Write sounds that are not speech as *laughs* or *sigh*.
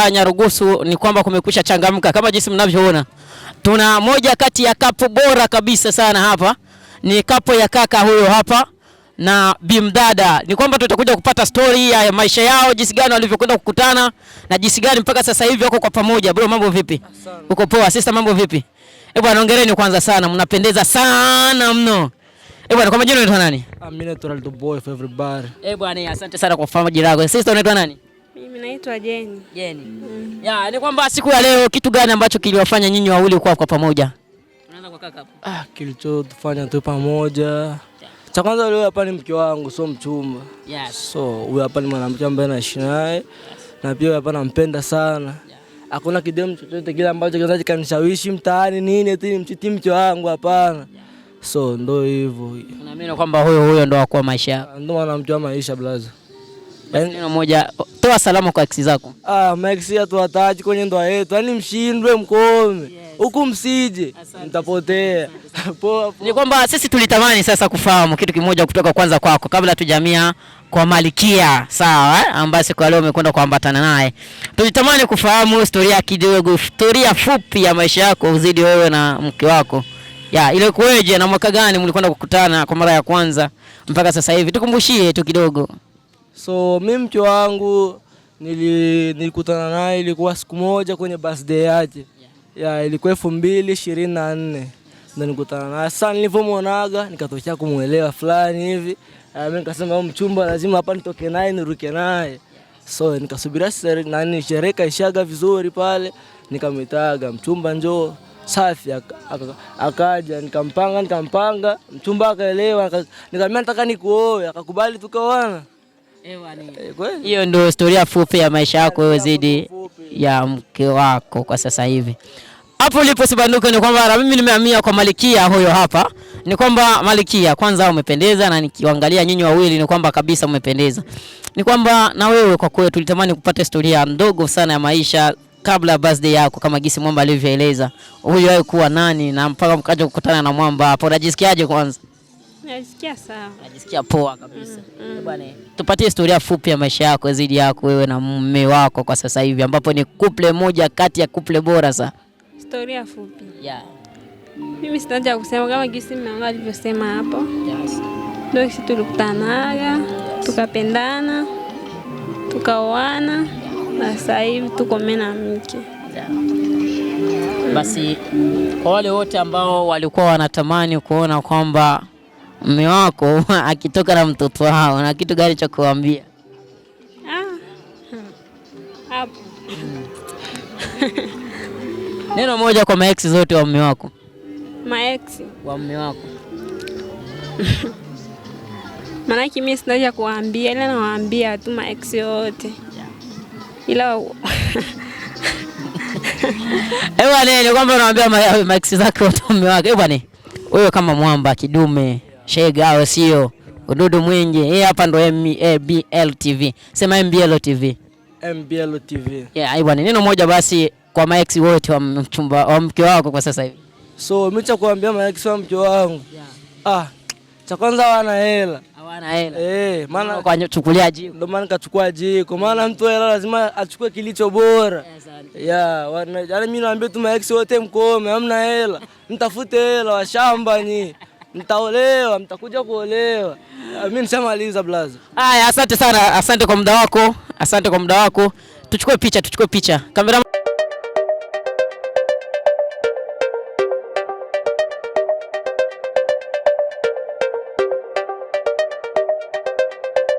hapa Nyarugusu ni kwamba kumekwisha changamka kama jinsi mnavyoona. Tuna moja kati ya kapu bora kabisa sana hapa, ni kapu ya kaka huyo hapa na bimdada. Ni kwamba tutakuja kupata story ya maisha yao, jinsi gani walivyokwenda kukutana na jinsi gani mpaka sasa hivi wako kwa pamoja. Bro, mambo vipi? Uko poa? Sister, mambo vipi? Eh bwana, hongereni kwanza sana, mnapendeza sana mno. Eh bwana, kwa majina unaitwa nani? Ah, mimi naitwa Ronaldo Boy for everybody. Eh bwana, asante sana kwa fahamu jina lako. Sister, unaitwa nani? Mimi naitwa Jeni. Jeni. Mm. Ya, ni kwamba siku ya leo kitu gani ambacho kiliwafanya nyinyi wawili kuwa kwa pamoja? Unaanza kwa kaka hapo. Ah, kilichotufanya tu pamoja. Cha kwanza leo hapa ni mke wangu, so mchumba. Yes. So huyu hapa ni mwanamke ambaye naishi naye. Yes. Na pia hapa nampenda sana. Hakuna kidemu chochote kile ambacho kinaweza kanishawishi mtaani nini eti mchiti mke wangu hapana. Yeah. So ndo hivyo. Unaamini kwamba huyo huyo ndo akuwa maisha. Ndio mwanamke wa maisha blaza. Neno moja Toa salamu kwa ex zako. Ah, maex hatuwataji kwenye ndoa yetu, yaani mshindwe mkome huku, msije mtapotea. *laughs* Ni kwamba sisi tulitamani sasa kufahamu kitu kimoja kutoka kwanza kwako, kabla tujamia kwa Malikia sawa eh, ambaye siku leo umekwenda kuambatana naye, tulitamani kufahamu historia kidogo, historia fupi ya maisha yako uzidi wewe na mke wako ya ile kuweje, na mwaka gani mlikwenda kukutana kwa mara ya kwanza mpaka sasa hivi? Tukumbushie tu kidogo. So mi mke wangu nili, nilikutana naye ilikuwa siku moja kwenye birthday yake yeah. Yeah, ilikuwa elfu mbili ishirini na nne ndo nikutana naye. Sasa nilivyomwonaga nikatokea kumwelewa fulani hivi yeah, mi nikasema mchumba lazima hapa nitoke naye niruke naye so nikasubiria nani sherehe kaishaga vizuri pale, nikamwitaga mchumba njoo safi akaja, nikampanga nikampanga, mchumba akaelewa, nikamwambia nataka nikuoe, akakubali tukaoana. Eh, hiyo ndio historia fupi ya maisha yako wewe zidi ya mke wako kwa sasa hivi. Hapo ulipo Sibanduke ni kwamba na mimi nimehamia kwa Malikia huyo hapa. Ni kwamba Malikia, kwanza umependeza, na nikiangalia nyinyi wawili ni kwamba kabisa umependeza. Ni kwamba na wewe kwa kweli tulitamani kupata historia ndogo sana ya maisha kabla birthday yako, kama gisi Mwamba alivyoeleza, huyu haikuwa nani na mpaka mkaja kukutana na Mwamba hapo, unajisikiaje kwanza? Najisikia sawa. Najisikia poa kabisa. Mm, mm. Bwana, tupatie historia fupi ya maisha yako zidi yako wewe na mume wako kwa sasa hivi ambapo ni kuple moja kati ya kuple bora sasa. Historia fupi. Yeah. Mimi sina kusema kama gisi mama alivyosema hapo. Yes. Ndio sisi tulikutanaga, tukapendana, tukaoana na sasa hivi tuko mimi na mke. Basi kwa wale wote ambao walikuwa wanatamani kuona kwamba mume wako *laughs* akitoka na mtoto wao na kitu gani cha kuambia? Ah, *laughs* neno moja kwa maeksi zote wa mume wako, maeksi wa mume wako *laughs* Maanake mimi sina cha kuambia, ila nawaambia tu maex yote, ila ewa nene kwamba unawaambia maex zake wa mume wako. Ewa nene, wewe kama mwamba kidume shega hao, sio ududu mwingi. Hii hapa ndo MBL eh, TV, sema MBL TV, MBL TV. Yeah, aibu ni neno moja basi kwa maex wote wa mchumba wa mke wako kwa sasa hivi. So mimi cha kuambia maex wa mke wangu yeah. Ah, cha kwanza wana hela hawana hela eh, maana kwa chukulia jiko, ndio maana kachukua jiko, maana mtu hela lazima achukue kilicho bora yeah. wana Yaani mimi naambia tu maex wote mkome, hamna hela mtafute hela washamba ni mtaolewa, mtakuja kuolewa. Mimi nishamaliza blaza. Haya, asante sana, asante kwa muda wako, asante kwa muda wako. Tuchukue picha, tuchukue picha kamera